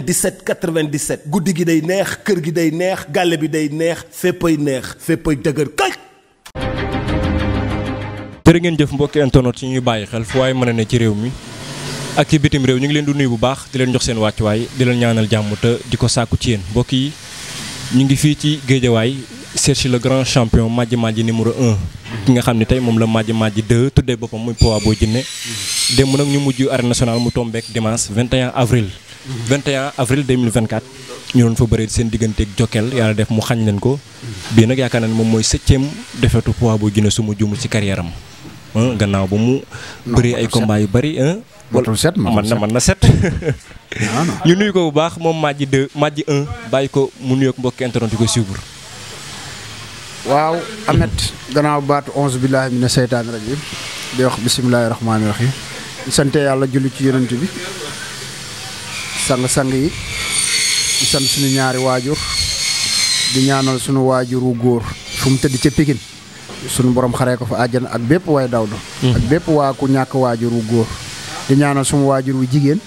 97 97 guddi gi day neex kër gi day neex gàlle bi day neex féppay neex féppay dëgër kay. ngeen jëf mbokki internet yi ñuy bàyyi xel fu waaye mën ne ci réew mi ak ci bitim réew ñu ngi leen di nuyu bu baax di leen jox seen wàccuwaay di leen ñaanal jàmm te di ko sàkku ci yéen mbokk yi ñu ngi fii ci géejawaay cherche le grand champion Madji Madji numéro un ki nga xam ne tey moom la Madji Madji 2 tuddee boppam muy Poids Boy Djiné démb nag ñu mujj arène nationale mu tombeek dimanche 21 avril 21 avril 2024 ñu doon fa bari seen digganteeg Jokal yàlla def mu xañ leen ko bii nag yaakaar na ne moom mooy septième defetu boo bu Guinée suma jumu ci carrière am gannaaw ba mu bëri ay combat yu bëri matul set man na man na set ñu nuyu ko bu baax moom Madji 2 Madji 1 bàyyi ko mu nuyoog mbokk internet ko suivre waaw Amet gannaaw baatu onze billahi mina seytaani rajim di wax bisimilahi rahmaani rahim sante yàlla julli ci yonent bi sang-sang yi di san suñu ñaari waajur di ñaanal suñu waajuru góor fu mu tëdd ca Pikine sunu boroom xaree ko fa àjjana ak bépp waay dawdu ak hmm. bépp waa ku ñàkk waajuru góor di ñaanal suñu waajur wu jigéen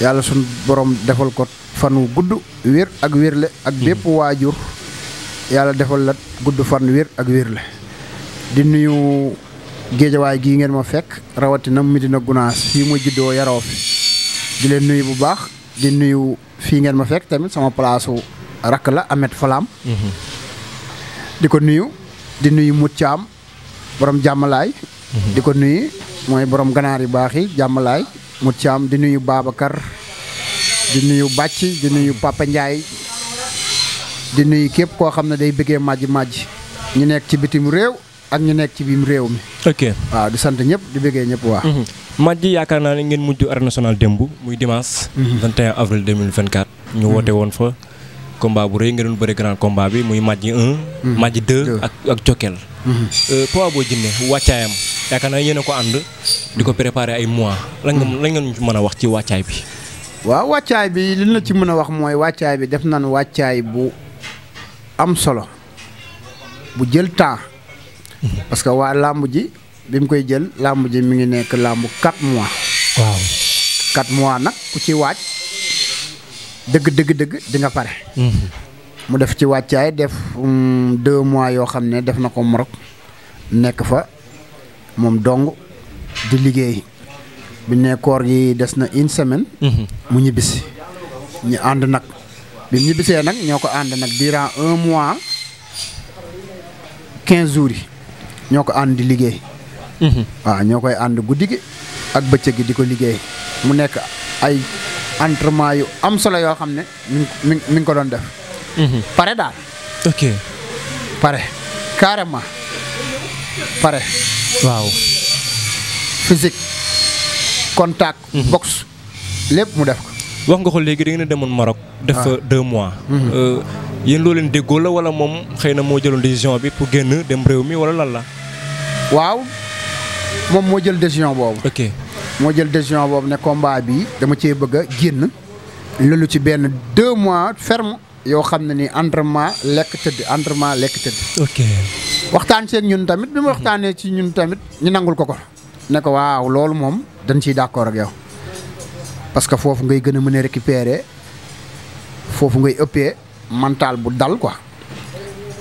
yàlla suñu boroom defal ko fan wu gudd wér ak wérle ak hmm. bépp waajur yàlla defal la gudd fan wiir ak wérle di nuyu géejawaay gii ngeen ma fekk rawatina Medina Gunaas fii ma juddoo yaroo fi di leen nuyu bu baax di nuyu fii ngeen ma fekk tamit sama place rakk la amet Falaam mhm. di ko nuyu di nuyu Mout Thiam borom jàmmalaay mhm. di ko nuyu mooy borom ganaar yu baax yi jàmmalaay Mout Thiam di nuyu Babacar di nuyu Bàcc di nuyu Papa di nuyu képp koo xam ne day bëggee màjj màjj ñu nekk ci bitim réew ak ñu nekk ci biir réew mi. ok waaw di sant ñëpp di bëggee ñëpp waa. Mhm. match ji yaakaar naa ne ngeen mujj arène nationale démb muy dimanche. 21 mhm. avril 2024. ñu mhm. woote woon fa combat bu rëy nga doon bëri grand combat bi muy match 1. match 2 ak ak Jokal. Euh, boo Boy Djiné wàccaayam yaakaar naa yéen a ko ànd. di ko préparer ay mois. la nga lan ngeen mën a wax ci wàccaay bi. waaw wàccaay bi li na ci mën a wax mooy wàccaay bi def nañ wàccaay bu am solo bu jël temps. parce que waa làmb ji bi mu koy jël làmb ji mi ngi nekk làmb 4 mois. waaw 4 mois nag ku ci waaj dëgg dëgg dëgg di nga pare. Mm-hmm. mu def ci wàccaay def 2 mm, mois yoo xam ne def na ko Maroc nekk fa moom dong di liggéey bi ne koor gi des na une semaine. Mm-hmm. mu ñibbisi ñu ànd nag bi ñibbisee nag ñoo ko ànd nag durant un mois 15 jours yi. ñoo ko ànd di liggéey. Mhm. waaw ñoo koy ànd guddi gi ak bëccëg gi di ko liggéey mu nekk ay entraînement yu am solo yoo xam ne mi ngi mi ngi ko doon def. Mhm. pare daal. ok pare carrément pare. waaw. physique contact. Mhm. boxe lépp mu def ko. wax nga ko léegi da ngeen demoon Maroc. def fa ah. deux mois. Euh, yéen loo leen déggoo la wala moom xëy na moo jëloon décision bi pour génn dem réew mi wala lan la. waaw moom moo jël décision boobu. ok moo jël décision boobu ne combat bii dama cee bëgg a génn. loolu ci benn deux mois ferme yoo xam ne ni entraînement lekk tëdd entraînement lekk tëdd. waxtaan seen ñun tamit bi ma mhm. waxtaanee ci ñun tamit ñu nangul ko ko. ne ko waaw loolu moom dañ ciy d'accord ak yow parce que foofu ngay gën a mën a foofu ngay ëppee mental bu dal ko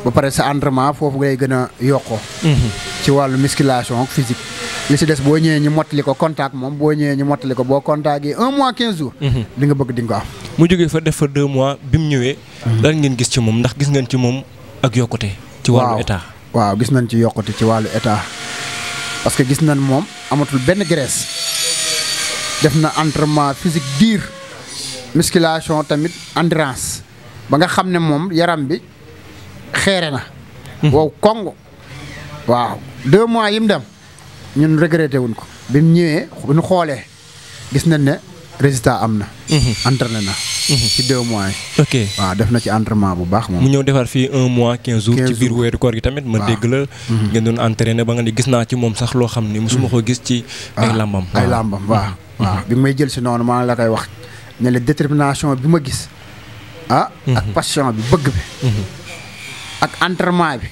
ba pare sa entraînement foofu ngay gën a yokkoo. Mhm. ci wàllu musculation ak physique li ci des boo ñëwee ñu mottali ko contact moom boo ñëwee ñu mottali ko boo contact yi un mois quinze jours. Mhm. li nga bëgg di nga ko am. mu jógee fa def fa deux mois bi mu ñëwee. Mhm. lan ngeen gis ci moom ndax gis ngeen ci moom ak yokkute. ci wàllu état waaw gis nañ ci yokkute ci wàllu état parce que gis nañ moom amatul benn graisse def na entraînement physique dur musculation tamit endurance ba nga xam ne moom yaram bi xeere na. Mhm. wow waaw deux mois yi mu dem ñun regretté wuñ ko bi mu ñëwee bu xoolee gis nañ ne résultat am na. Mhm. entraîné na. Mhm. ci deux mois yi. ok waaw def na ci entrement bu baax moom. mu ñëw defar fii un mois quinze jours. ci biir weeru koor gi tamit ma dégg la. Mhm. ngeen doon entraîné ba nga ne gis naa ci moom sax loo xam ni suma ko gis ci. Ah, ay làmbam làmbam waaw. waaw bi may jël si noonu maa la koy wax ne la détermination bi ma gis. ah. ak passion bi bëgg bi. ak entraînement bi.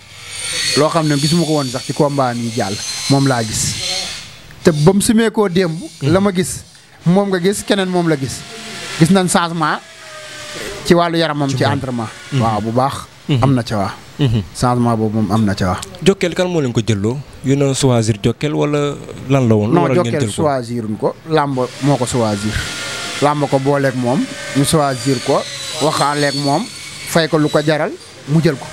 loo xam ne gisuma ko woon sax ci combat yi jàll moom laa gis te ba mu sumee koo démb la ma gis moom nga gis keneen moom la gis gis nañ changement ci wàllu yaramam ci entraînement waaw bu baax mm-hmm. am na ca waa mm-hmm. changement boobu moom am na ca waa Jokal kan moo leen ko jëloo yu na choisir Jokal wala lan la woon non Jokal choisiruñ ko làmb moo ko choisir làmb ko booleeg moom ñu choisir ko waxaaleek moom fay ko lu ko jaral mu jël ko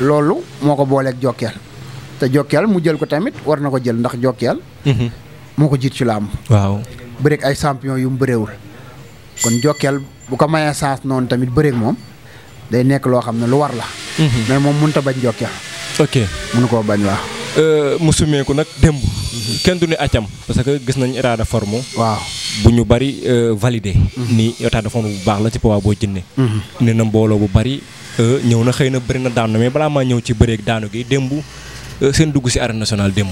loolu moo ko booleeg Jokkeel te Jokkeel mu jël ko tamit war na ko jël ndax Jokkeel. Mhm. moo ko jiit ci làmb. waaw bëreeg ay champion yu mu bëreewul. kon Jokkeel bu ko mayee chance noonu tamit bëreeg moom day nekk loo xam ne lu war la. Mhm. mais moom mënut a bañ Jokkeel. ok mënu koo bañ waaw. Euh, mu sumeeku nag démb. Mhm. kenn du ne acam parce que gis nañ état de forme. waaw bu ñu bari euh, validé. ni état de forme bu baax la ci poids boo jëndee. nee na mbooloo bu bari. Euh, ñëw na xëy na bëri na daanu mais balaa maa ñëw ci bëreeg daanu gi démb euh, seen dugg si arène nationale démb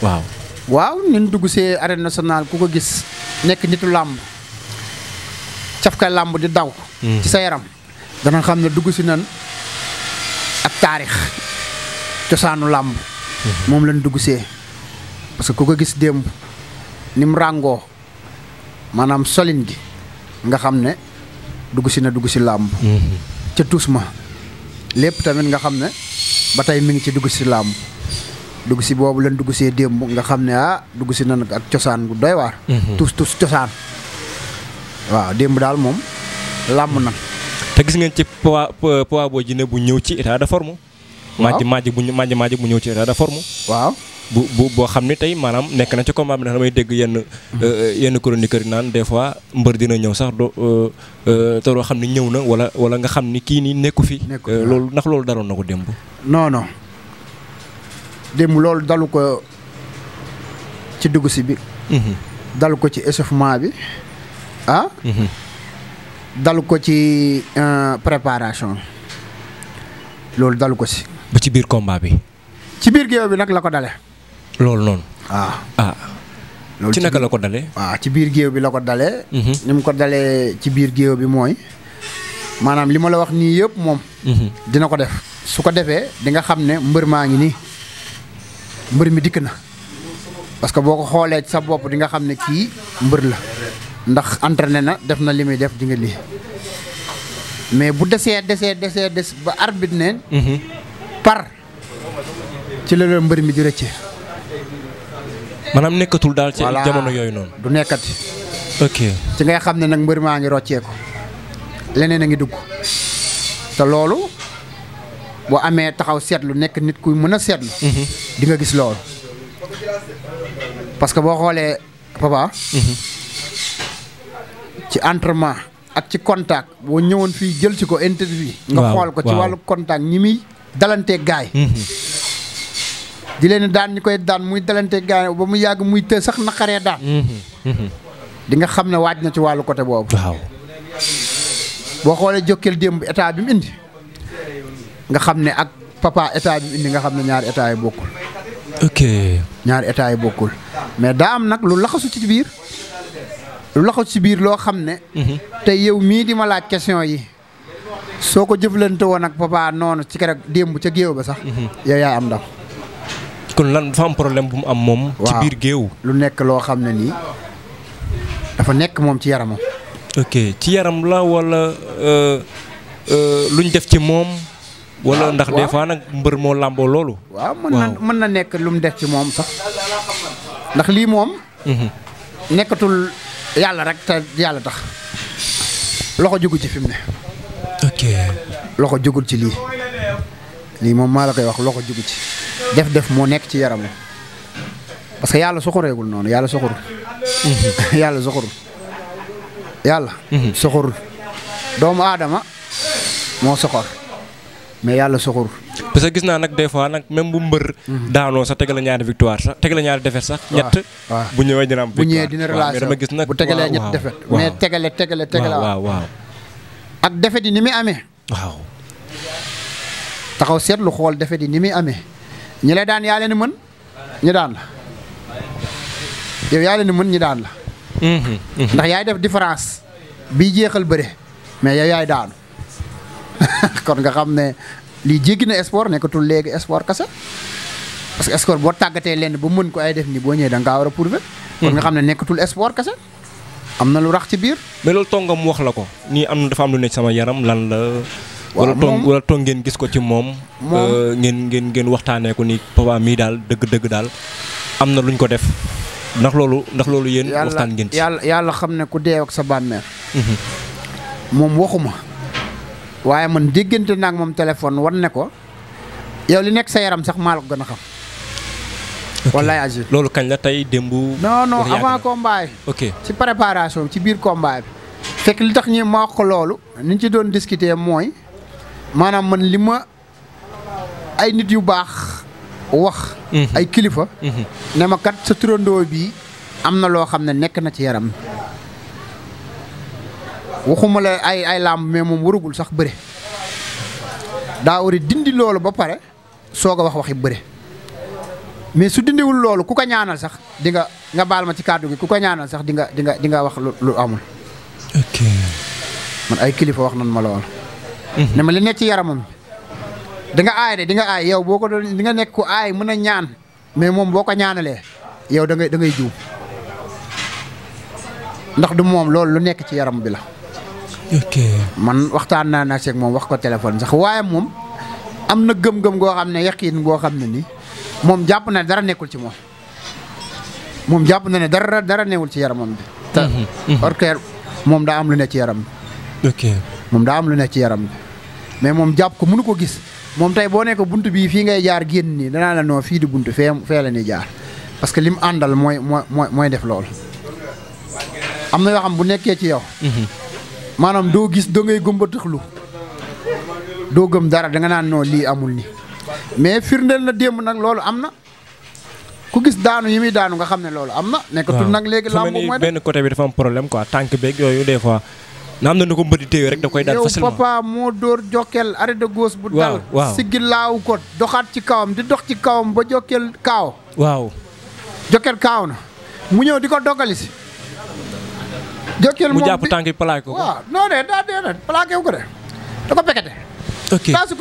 waaw. waaw ñun dugg si arène nationale ku ko gis nekk nitu làmb cafka làmb di daw. Hmm. yaram dana xam ne dugg si nan ak cosaanu làmb. Hmm. moom lañ dugg see parce que ku ko gis démb ni ràngoo maanaam solin gi nga xam ne dugg si na dugg si làmb. Hmm. ca tuus ma. lépp tamit nga xam ne ba tey mi ngi ci dugg si làmb dugg si boobu lan dugg see démb nga xam ne ah dugg si nan ak cosaan bu doy waar. Mhm. tus tus cosaan. waaw démb daal moom làmb na. te gis ngeen ci poids poids boo ji bu ñëw ci état de forme. waaw maaj maaj bu ñëw ci état de waaw. bu bu boo xam ni tey maanaam nekk na ci combat bi ndax damay dégg yenn mm-hmm. euh, euh, yenn chroniqueur yi naan des fois mbër dina ñëw sax euh, te doo xam ni ñëw na wala wala nga xam ni kii nii nekku fi loolu ndax loolu daroon na ko démb non non démb loolu dalu ko ci dugg si bi mm-hmm. dalu ko ci échauffement bi ah mm-hmm. dalu ko ci préparation loolu dalu ko si ci biir combat bi ci biir géew bi nag la ko dale loolu noonu. ah ah. ci naka la ko dale waaw ah, ci biir géew bi la ko dale mhm. ni ko dalee ci biir géew bi mooy maanaam li ma la wax nii yëpp moom. Mhm. dina ko def su ko defee di nga xam ne mbër maa ngi nii mbër mi dikk na parce que boo ko xoolee sa bopp di nga xam ne kii mbër la ndax entraîné na def na li muy def di lii mais bu desee desee desee des ba arbitre ne mhm. par ci la la mbër mi di rëcce. maanaam nekkatul daal ci jamono yooyu noonu. du nekkati. ok ci ngay xam ne nag mbër maa ngi rocceeku leneen a ngi dugg te loolu boo amee taxaw seetlu nekk nit kuy mën a seetlu. Mhm. di nga gis loolu. parce que boo xoolee papa. Mhm. ci entraînement ak ci contact boo ñëwoon fii jël ci ko interview. nga xool ko ci wàllu contact ñi muy dalante gaay mhm. di leen daan ñu koy daan muy dalante gaañ ba mu yàgg muy të sax naqaree daan di nga xam ne waaj na ci wàllu côté boobu waaw boo xoolee jokkeel démb état bi mu indi nga xam ne ak papa état bi mu indi nga xam ne ñaari état yi bokkul ñaari état yi bokkul mais daa am nag lu laxasu ci biir lu laxasu ci biir loo xam ne mhm. te yow mii di ma laa question yi soo ko jëflante woon ak papa noonu ci keroog démb ca géew ba sax mhm. yow yaay am ndaw kon lan dafa am problème bu mu am moom. ci biir géew. lu nekk loo xam ne nii dafa nekk moom ci yaramam. ok ci yaram la wala euh, euh, ñu def ci moom. walla ndax des fois nag mbër moo làmboo loolu. waaw mën na nekk lu mu def ci moom sax ndax lii moom. Mhm. nekkatul yàlla rek te yàlla tax loxo jugul ci fi mu ne. ok loxo jugul ci lii lii moom maa la koy wax loxo jugul ci. def-def moo nekk ci yaramu parce que yàlla soxoreegul noonu yàlla soxorul. Mhm. yàlla soxorul. yàlla. Mhm. soxorul doomu aadama moo soxor mais yàlla soxorul. parce que gis naa nag des fois nag même bu mbër. Mhm. daanoo sax tegal la ñaari victoire sax tegal la ñaari défaite sax. ñett bu ñëwee dina bu ñëwee dina dama gis nag bu tegalee ñett défaite. mais tegale tegale tegale waaw waaw ak défaite yi ni muy amee. waaw. taxaw seetlu xool défaite yi ni muy amee. ñi la daan yaa leen mën ñi daan la yow yaa leen mën ñi daan la mm-hmm, mm-hmm. ndax yaay def différence bii jeexal bëre mais yow yaay daanu kon nga xam ne lii jéggi na sport nekkatul léegi sport kase parce que sport boo tàggatee lenn ba mën ko ay def ni boo ñëwee da nga war a prouver kon nga mm-hmm. xam ne nekkatul sport kase am na lu rax ci biir mais loolu mu wax la ko nii am na dafa am lu nekk sama yaram lan la wala toog wala toog ngeen gis ko ci moom. Euh, ngeen ngeen ngeen waxtaanee ko ni papa mii daal dëgg-dëgg daal am na luñ ko def ndax loolu ndax loolu yéen. waxtaan ngeen ci yàlla yàlla xam ne ku dee sa bàmmeel. Mhm. moom waxuma waaye man déggante naa moom téléphone wan ne ko yow li nekk sa yaram sax maa la ko gën a xam. wallaay Agir loolu kañ la tey démb. non non avant combat bi. ok ci préparation ci biir combat bi. fekk li tax ñuy ma wax ko loolu. ni ci doon discuter mooy. maanaam man li ma ay nit yu baax wax. Mhm. ay kilifa. Mhm. ne ma sa turandoo bii am na loo xam ne nekk na ci yaram waxuma la ay ay làmb mais moom warugul sax bëre daa wari dindi loolu ba pare soog a wax waxi bëre mais su dindiwul loolu ku ko ñaanal sax di nga nga baal ma ci kàddu gi ku ko ñaanal sax dinga nga di nga di nga wax lu amul. ok man ay kilifa wax nan ma lool. ne ma li nekk ci yaramam di nga aay de di nga aay yow boo ko doon di nga nekk ku aay mën a ñaan mais moom boo ko ñaanalee yow da ngay da ngay juub ndax du moom loolu lu nekk ci yaram bi la. ok man waxtaan naa naa seeg moom wax ko téléphone sax waaye moom am na gëm-gëm goo xam ne yaqiin goo xam ne nii moom jàpp na dara nekkul ci moom moom jàpp na ne dara newul ci yaramam bi. te mhm, mhm. moom daa am lu ne ci yaram bi. moom daa am lu ne ci yaram bi. mais moom jàpp ko mënu ko gis moom tey boo nekk bunt bii fii ngay jaar génn nii danaa la noo fii di bunt fee fee la ni jaar parce que lim àndal mooy mooy mooy def loolu am na yoo xam bu nekkee ci yow mhm. maanaam doo gis doo ngay gëmbataxlu doo gëm dara da nga naan noo lii amul ni mais firndeel na démb nag loolu am na ku gis daanu yi muy daanu nga xam ne loolu am na nekkatul nag léegi lamb mooy benn côté bi dafa am problème quoi tànk beeg yooyu des fois na am na nu ko mbëri téye rek da koy daan facilement moo dóor Jokal arrêt de gauche bu dal waaw si ko doxaat ci kawam di dox ci kawam ba Jokal kaw waaw Jokal kaaw na mu ñëw di ko dogali si Jokal moom mu jàpp tànk yi plaqué ko waaw non tànk yi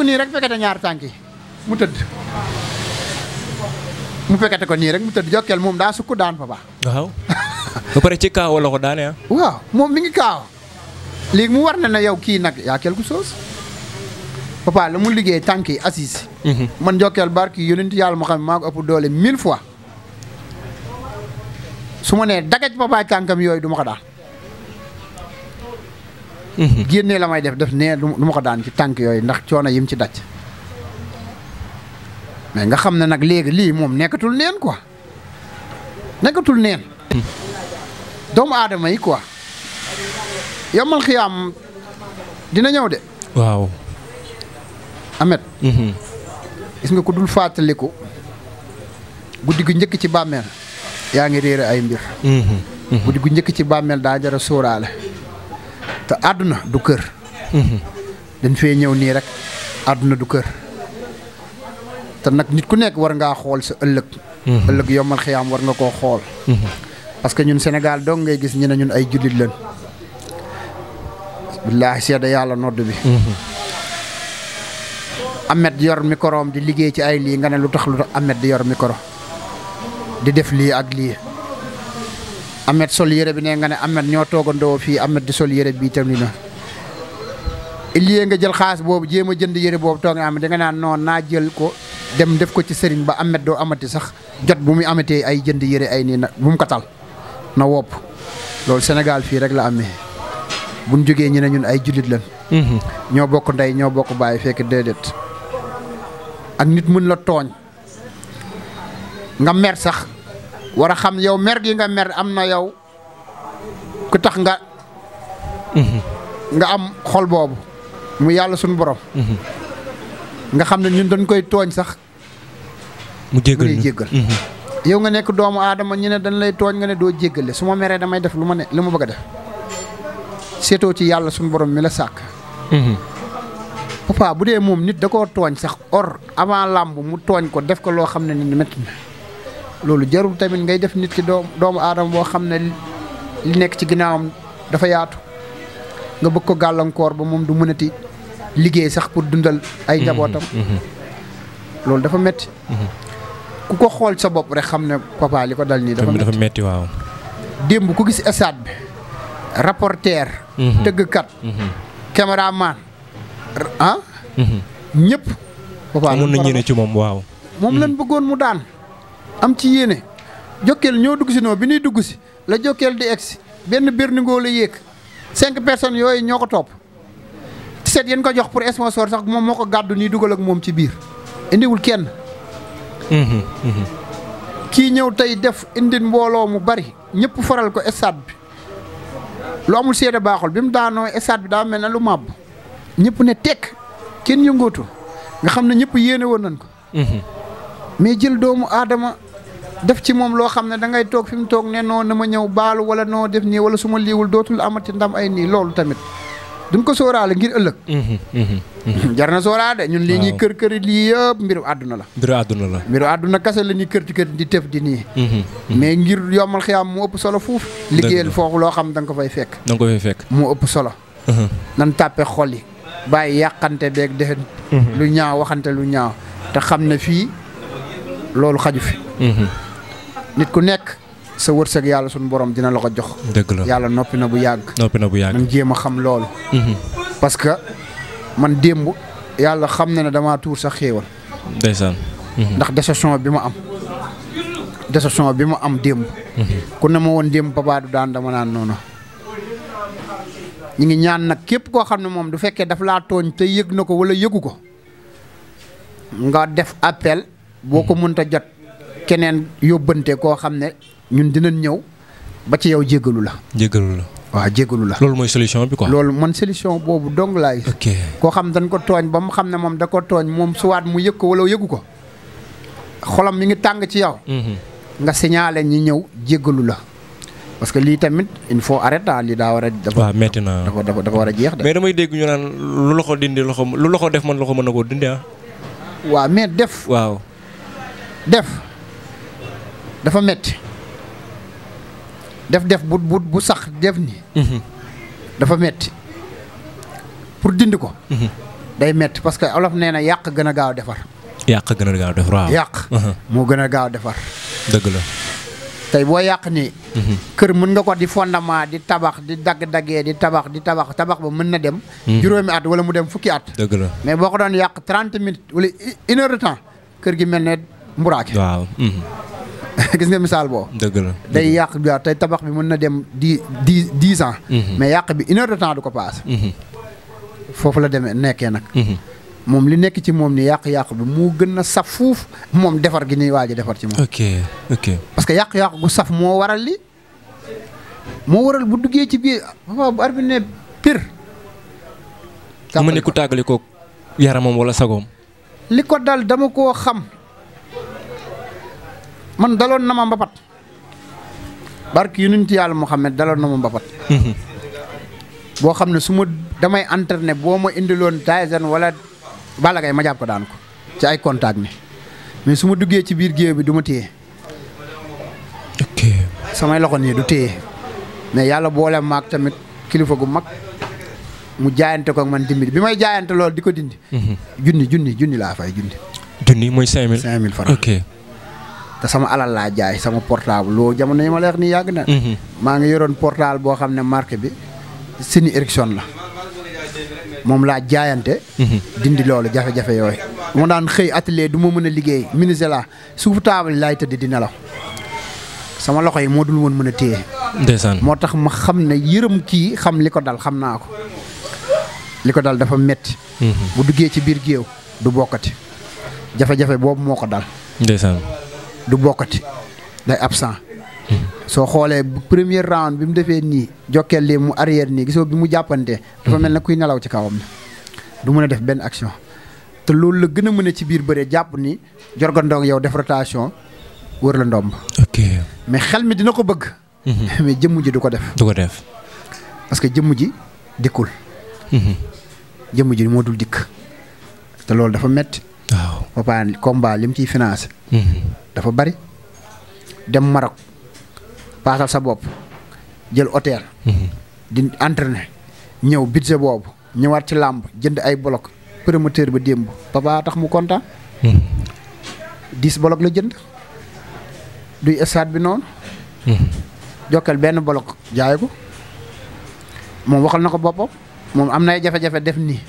ko nii rek mu tëdd jokkeel moom daa sukk daan fa waaw ba pare ci kaaw la ko daane ah. waaw moom mi ngi kaaw. léegi mu war na ne yow kii nag yaa quelque chose papa la mu liggéey tànk yi assise mhm. man jokkeel barki yonent yàlla ma xam maa ko ëpp doole mille fois su ma nee dagaj papa kànkam yooyu du ma ko daan mhm. génnee la may def def nee du ma ko daan ci tànk yooyu ndax coono yim ci daj mais nga xam ne nag léegi lii moom nekkatul neen ko nekkatul neen mhm. doomu aadama yi quoi yomal xiyaam dina ñëw de. waaw. Amet. Mhm. gis nga ko dul fàttaliku guddi gu njëkk ci bàmmeel yaa ngi réer ay mbir. Mhm. Mhm. guddi gu njëkk ci bàmmeel daa jara sóoraale. te àdduna du kër. dañ fee ñëw nii rek àdduna du kër. te nag nit ku nekk war ngaa xool sa ëllëg. ëllëg yomal xiyaam war nga koo xool. parce que ñun Sénégal dong ngay gis ñu ne ñun ay jullit lañ. billaahi seede yàlla nodd bi amet yor microom di liggéey ci ay lii nga ne lu tax lu tax amet di yor micro di def lii ak lii amet sol yére bi ne nga ne amet ñoo toogandoo fii amet di sol yére bii itam li na illie nga jël xaas boobu jéem jënd yére boobu toog amet di nga naan noon naa jël ko dem def ko ci sëriñ ba amet doo amati sax jot bu mu amatee ay jënd yére ay nii na bu mu ko tal na wopp loolu Sénégal fii rek la amee buñ jógee ñu ne ñun ay jullit lañ. Mhm. ñoo bokk ndey ñoo bokk bàyyi fekk déedéet ak nit mën la tooñ nga mer sax war a xam yow mer gi nga mer am na yow ku tax nga. Mhm. nga am xol boobu mu yàlla suñu borom. Mhm. nga xam ne ñun dañ koy tooñ sax. mu jéggal jéggal. yow nga nekk doomu aadama ñu ne dañ lay tooñ nga ne doo jéggale su ma meree damay def lu ma ne lu ma bëgg a def. seetoo ci yàlla suñu borom mi la sàkk. Mhm. papa bu dee moom nit da koo tooñ sax or avant làmb mu tooñ ko def ko loo xam ne ni métti na loolu jarul tamit ngay def nit ki doom doomu aadama boo xam ne li nekk ci ginnaawam dafa yaatu nga bëgg ko gàllankoor ba moom du mënati liggéey sax pour dundal ay mhm. njabootam mhm. loolu dafa metti ku ko xool sa bopp rek xam ne papa li ko dal nii dafa metti waaw démb ku gis estade bi rapporteur. Mhm. tëggkat. Mhm. caméraman ah. Mhm. ñëpp. Papa amoon na yéene ci moom waaw. moom lañ bëggoon mu daan am ci yéene jokkeel ñoo dugg si noo bi ñuy dugg si la jokkeel di egg si benn berningoo la yéeg cinq personnes yooyu ñoo ko topp set yéen ko jox pour sponsor sax moom moo ko gàddu nii dugal ak moom ci biir indiwul kenn. kii ñëw tey def indi mbooloo mu bari ñëpp faral ko stade bi. lu amul seede baaxul bi mu daanoo stade bi daa mel na lu màbb ñëpp ne tekk kenn yëngootu nga xam ne ñëpp yéene woon nañ ko. Mhm. mais jël doomu aadama def ci moom loo xam ne da ngay toog fi mu toog ne noo na ma ñëw baalu wala noo def nii wala suma liiwul dootul amati ndam ay nii loolu tamit. duñ ko sóoraale ngir ëllëg. Mhm, mhm, mhm. jar na sóoraale ñun lii ñuy kër kër lii yëpp mbiru àdduna la. mbiru àdduna la mbiru àdduna kase la ñuy kër di tëf di nii. mais ngir yombal xiyaam mu ëpp solo fuuf. liggéeyal foofu loo xam da ko fay fekk. ko fekk. mu ëpp solo. nan tàppe xol yi bàyyi yàqante beeg dexe. lu ñaaw waxante lu ñaaw te xam na fii loolu xaju fi. nit ku nekk. sa wërsëg yàlla suñu borom dina la ko jox. dëgg yàlla noppi na bu yàgg. noppi na bu yàgg nañ a xam loolu. Mhm. parce que man démb yàlla xam na ne damaa tuur sax xéewal. ndeysaan. Mhm. ndax déception bi ma am. déception bi ma am démb. Mhm. ku ne ma woon démb papa daan dama naan noonu. ñu ngi ñaan nag képp koo xam ne moom du fekkee daf laa tooñ te yëg na ko wala yëgu ko nga def appel boo ko mënta jot keneen yóbbante koo xam ne ñun dinañ ñëw ba ci yow jéggalu la. jéggalu la. waaw jégalu la loolu mooy solution bi quoi. loolu man solution boobu dong laay. ok koo xam dañ ko tooñ ba mu xam ne moom da ko tooñ moom suwaat mu yëg ko wala yëgu ko xolam mi ngi tàng ci yow. Mm-hmm. nga signalé ñi ñëw jégalu la. parce que lii tamit il faut arrêter lii daa war a. waaw métti naa dafa dafa war a jeex de. mais damay dégg ñu naan lu loxo dindi loxo lu def man loxo mën na koo dindi ah. waaw mais def. def dafa métti. def def bu bu bu sax def nii. Mhm. dafa metti pour dindi ko. Mhm. day metti parce que olof nee na yàq gën a gaaw defar. yàq gën a gaaw yàq. Mhm. moo gën a gaaw defar. dëgg la. tey boo yàq nii. kër mën nga ko di fondement di tabax di dagg-daggee di tabax di tabax tabax ba mën na dem. juróomi at wala mu dem fukki at. dëgg la mais boo ko doon yàq trente minutes wala une heure kër gi mel na mburaake. gis nga misaal boo dëgg la day yàq bi tey tabax bi mën na dem di dix dix ans mhm. mais yàq bi une heure temps du ko paase mhm. foofu la demee nekkee nag mhm. moom li nekk ci moom ni yàq-yàq bi moo gën a saf fuuf moom defar gi ni waaj a defar ci moom ok ok parce que yàq-yàq gu saf moo waral li moo waral bu duggee ci biir papa bu arbi ne pire mu ne ku tàggali ko yaramam wala sagoom li ko dal dama koo xam man daloon na ma mbapat barki yonent yàlla Muhammad daloon na ma mbapat mhm. boo xam ne su ma damay entraîné boo ma indiloon Tyson wala Balla Gaye ma jàpp ko daan ko ci ay contact ni mais su ma duggee ci biir géew bi du ma téye ok samay loxo nii du téye mais yàlla boole maak tamit kilifa gu mag mu jaayante ko man dimbali bi may jaayante lool di ko dindi mhm. junni junni junni laa fay junni junni mooy cinq mille mille francs ok te sama alal laa jaay sama portable loo jamono yi ma leer ni yàgg na. Mhm. maa ngi yoroon portable boo xam ne marque bi Sony Ericsson la. moom laa jaayante. Mhm. dindi loolu jafe-jafe yooyu. moo daan xëy atelier du ma mën a liggéey ministre la taabal laay tëdd dina la sama loxo yi moo dul woon mën a téye. ndeysaan moo tax ma xam ne yërëm kii xam li ko dal xam naa ko. li ko dal dafa metti mhm. bu duggee ci biir géew du bokkati jafe-jafe boobu moo ko dal. du bokkati day absent. soo xoolee première round bi mu defee nii jokkeel lii mu arrière nii gisoo bi mu jàppante. dafa mel na kuy nelaw ci kawam du mën a def benn action. te loolu la gën a mën a ci biir bëre jàpp ni jorgandong yow def rotation wër la ndomb. mais xel mi dina ko bëgg. Mhm. mais jëmm ji du ko def. du ko def. parce que jëmm ji dikkul. Mhm. jëmm ji moo dul dikk. te loolu dafa metti waaw ba combat li ciy financé. Mhm. dafa bari dem Maroc paasal sa bopp jël hôtel. Mhm. di entraîner ñëw budget boobu ñëwaat ci làmb jënd ay bloc promoteur ba démb papa tax mu kontaan. Mhm. dix bloc la jënd duy stade bi noonu. Mhm. jokkal benn bloc jaay ko moom waxal na ko boppam moom am na ay jafe-jafe def nii.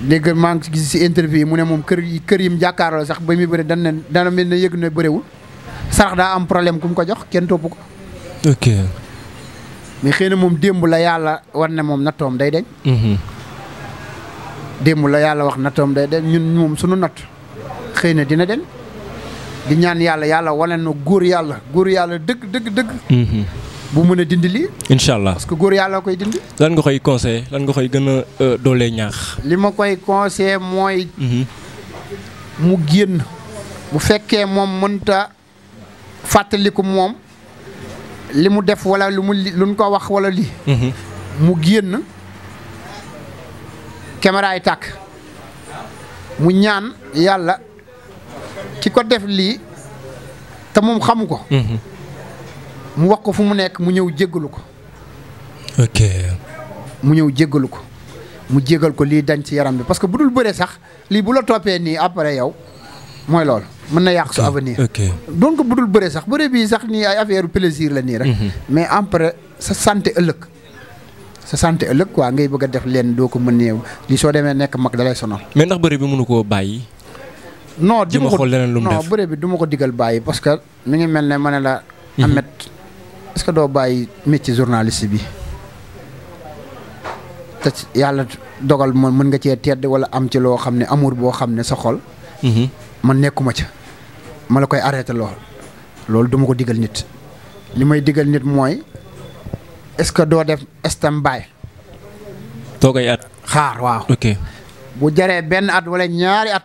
dégg maa ngi gis si interview yi mu ne moom kër yi kër yim jàkkaarloo sax ba muy bari dan ne dana mel ne yëg na bëriwul sarax daa am problème ku ko jox kenn topp ko. ok. xëy na moom démb la yàlla war ne moom nattoom day deñ. Mhm. démb la yàlla wax nattoom day deñ ñun moom sunu natt xëy na dina deñ di ñaan yàlla yàlla wane na góor yàlla góor yàlla dëgg dëgg dëgg. Mhm. bu mën a dindi lii. incha allah parce que góor yàlla koy dindi. lan nga koy conseillé lan nga koy gën a euh, doolee ñaax. li ma koy conseillé mooy. Mhm. mu génn. bu fekkee moom mënta fàttaliku moom li mu def wala lu mu luñ ko wax wala lii. Mhm. mu génn caméra yi tàkk mu ñaan yàlla ci ko def lii te moom xamu ko. Mhm. mu wax ko fu mu nekk mu ñëw jéggalu ko. ok. mu ñëw jéggalu ko mu jéggal ko lii dañ ci yaram bi parce que bu dul bëree sax lii bu la toppee nii après yow mooy loolu mën na yàq su ah, avenir. ok donc bu dul bëree sax bëree bii sax nii ay affaire plaisir la nii rek. Mhm. mais après sa santé ëllëg. sa santé ëllëg quoi ngay bëgg a def leen doo ko mën néew lii soo demee nekk mag dalay sonal. mais ndax bëre bi mënu koo bàyyi. non di ma ko non bëre bi du ma ko digal bàyyi parce que mi ngi mel ne ma ne la. Mhm. amet est-ce que doo bàyyi métier journaliste bi te yàlla dogal ma mën nga cee tedd wala am ci loo xam ne amour boo xam ne sa xol. Mhm. ma nekkuma ca ma la koy arrêté lool loolu duma ko digal nit. li may digal nit mooy est-ce que doo def estambaay by toog ay at. xaar waaw. bu jaree benn at wala ñaari at.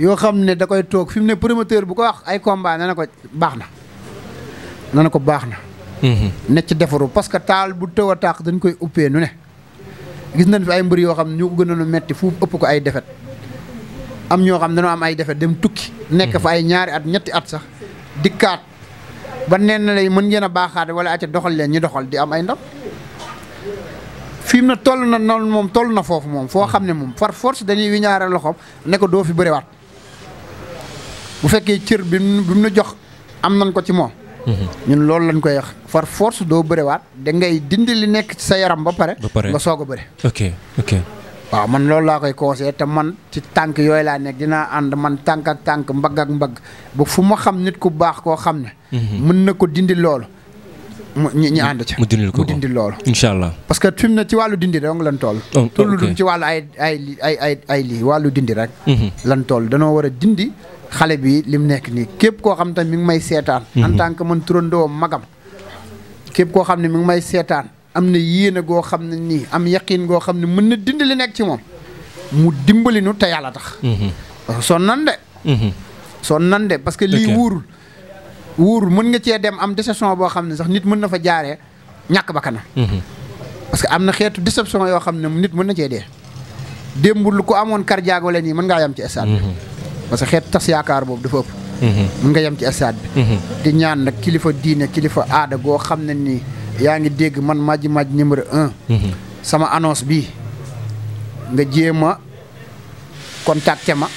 yoo xam ne da koy toog fi mu ne promoteur bu ko wax ay combat na ko baax na nee na ko baax na. ne ci defaru parce que taal bu tëw a tàq dañ koy uppee nu ne gis nañ fi ay mbër yoo xam ne ñoo ko gënoon metti fu ëpp ko ay defet am ñoo xam ne dañoo am ay defet dem tukki nekk fa ay ñaari at ñetti at sax dikkaat ba neen na lay mën ngeen a baaxaate wala acca doxal leen ñu doxal di am ay ndam fi mu na toll na noonu moom toll na foofu moom foo xam ne moom far force dañuy wi ñaare loxoom ne ko doo fi bëriwaat bu fekkee cër bi mu na jox am nañ ko ci moom ñun loolu lañ koy wax far force doo bëriwaat da ngay dindi li nekk sa yaram ba pare. nga soo ko bëri. ok waaw man loolu laa koy conseillé te man ci tànk yooyu laa nekk dinaa ànd man tànk ak tànk mbagg ak mbagg ba fu ma xam nit ku baax koo xam ne. Mhm. mën na ko dindi loolu. mu ñu ànd ca. mu dindi ko dindi loolu. incha allah parce que fi mu ne ci wàllu dindi rek lan toll. Oh, tollu duñ ci wàllu ay ay ay ay ay lii wàllu dindi rek. Mhm. lan toll danoo war a dindi. xale bi mu nekk nii képp koo xam tamit mi ngi may seetaan. Mhm. en tant que man turandoom magam. képp koo xam ne mi may seetaan am na yéena goo xam ne nii am yaqiin goo xam ne mën na dindi li ci moom mu dimbali nu te yàlla tax. Mhm. Oh, nan de. Mhm. son nan de parce que lii wuurul. wuurul mën nga cee dem am déception boo xam ne sax nit mën na fa jaaree ñàkk ba kanam. parce que am na xeetu deception yoo xam ne nit mën na cee dee. démbul ku amoon jaago wala nii mën ngaa yam ci stade parce que xeet tas yaakaar boobu dafa ëpp. Mhm. mun nga yem ci stade bi. Mhm. di ñaan nag kilifa diine kilifa aada goo xam ne nii yaa ngi dégg man Madji maj numéro un. Mhm. sama annonce bi nga jéem a contacté ma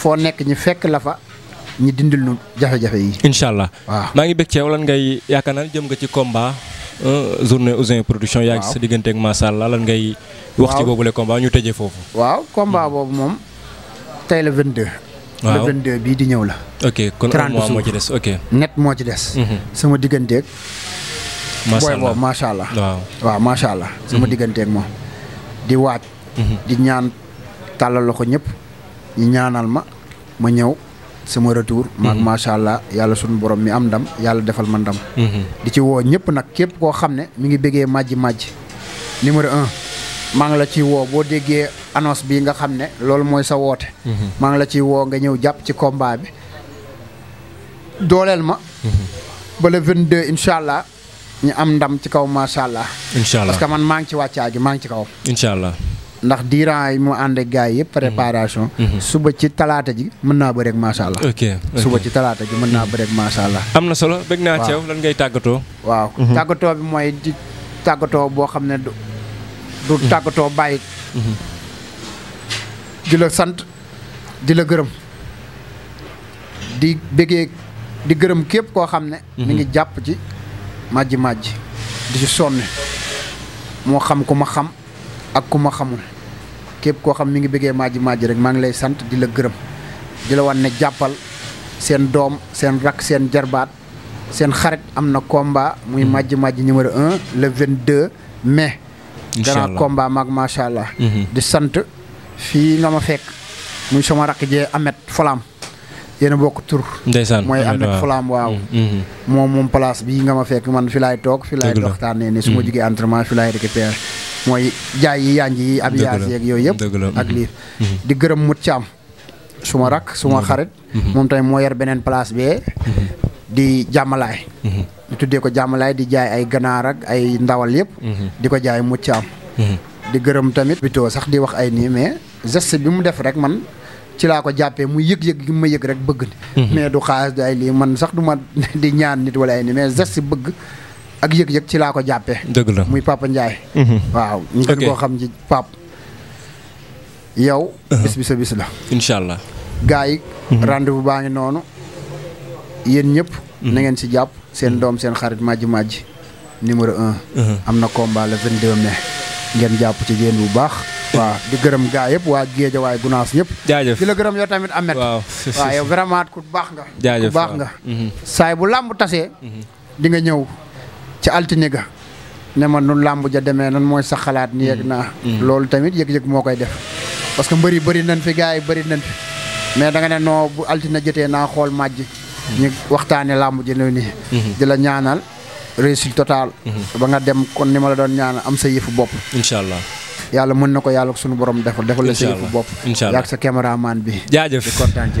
foo nekk ñu fekk la fa ñu dindil lu jafe-jafe yi. incha waaw maa ngi bëgg ceew lan ngay yaakaar naa jëm nga ci komba euh, journée Ouzin production. waaw yaa ngi sa digganteeg macha allah lan ngay. wax ci boobule combat ñu tëjee foofu. waaw combat boobu moom. tey la 22. waaw le bii di ñëw la. ok kon un mois moo ci des net moo ci des. Mhm. sama digganteeg. macha allah booy boobu macha allah. waaw waaw allah. sama mhm. digganteeg moo di waaj. Mhm. di ñaan tàllal la ko ñëpp. ñaanal ma ma ñëw sama retour. maag macha allah yàlla sunu borom mi am ndam yàlla defal ma ndam. di ci woo ñëpp nag képp koo xam ne mi ngi bëggee màjji màjji numéro un. maa ngi la ci woo boo déggee annonce bi nga xam ne loolu mooy sa woote. Mhm. maa ngi la ci woo nga ñëw jàpp ci combat bi dooleel ma. Mhm. ba le de incha allah ñu am ndam ci kaw macha allah. incha allah parce que man maa ngi ci wàccaa gi maa ngi ci kaw. incha ndax diiran yi mu ànd ak yi yëpp préparation mhm. suba ci talaata ji mën naa bëreeg macha suba ci talaata ji mën naa bëreeg macha am na solo bëgg naa teew lan ngay tàggatoo waaw tàggatoo bi mooy di tàggatoo boo xam ne du tàggatoo bàyyi di la sant di la gërëm di bëggee di gërëm képp koo xam ne mhm. mi ngi jàpp ci màjji màjji di ci sonn moo xam ku ma xam ak ku ma xamul képp koo xam mi ngi bëggee màjji màjji rek maa ngi lay sant di la gërëm di la wan ne jàppal seen doom seen rakk seen jarbaat seen xarit am na combat muy màjji mhm. màjji numéro un le 22 mais grand combat maag macha allah. Mhm. di sant fii nga ma fekk muy suma rakk jee Amet Folaam yéen a bokk tur. ndeysaan mooy Amet Folaam waaw. Mhm, mhm. moom moom place bii nga ma fekk man filaay toog fi laay doxtaanee ni su ma jugee entraînement fi laay récupérer mooy jaay yi yanj yi abiyaas yeeg yooyu yëpp ak lii di gërëm mut caam suma rakk suma xarit moom tamit moo yar beneen place bee di jàmmalaay ñu tuddee ko jàmmalaay di jaay ay ganaar ak ay ndawal yëpp. Mhm. di ko jaay mucc am. Mhm. di gërëm tamit. bitoo sax di wax ay nii mais geste bi mu def rek man ci laa ko jàppee mu yëg-yëg gi ma yëg rek bëgg. Mhm. mais du xaalis du man sax du ma di ñaan nit wala ay nii mais bëgg. ak yëg-yëg ci laa ko jàppee. dëgg la muy pàpp njaay waaw ñu koo xam ci pap yow. Uh-huh. bis bi sa bis la. incha allah. gars yi. rendez-vous baa ngi noonu yéen ñëpp. na ngeen si jàpp seen doom seen xarit Madji Madji numéro un uh-huh. am na combat le 22 ngeen jàpp ci yéen bu baax waaw di gërëm gaa yëpp waa Géeja waaye Gunaas ñëpp jaajëf di la gërëm yoo tamit Ahmed waaw waaw yow vraiment ku baax nga jaajëf baax nga uh-huh. saay bu làmb tasee uh-huh. di nga ñëw ci altine ga ne ma nun làmb ja demee nan mooy sax xalaat ni yegg naa loolu tamit yëg-yëg moo koy def parce que mbëri bëri nañ fi gars yi bëri nañ fi mais da ne noo bu altine jotee naa xool Madji ñu waxtaanee làmb ji ni mhm. di la ñaanal réussite totale. Mhm. ba nga dem kon ni ma la doon ñaanal am sa yëfu bopp. incha allah. yàlla mën na ko yàlla sunu borom defal defal la sa yëfu bopp. incha yàgg sa caméraman bi. jaajëf di kontaan ci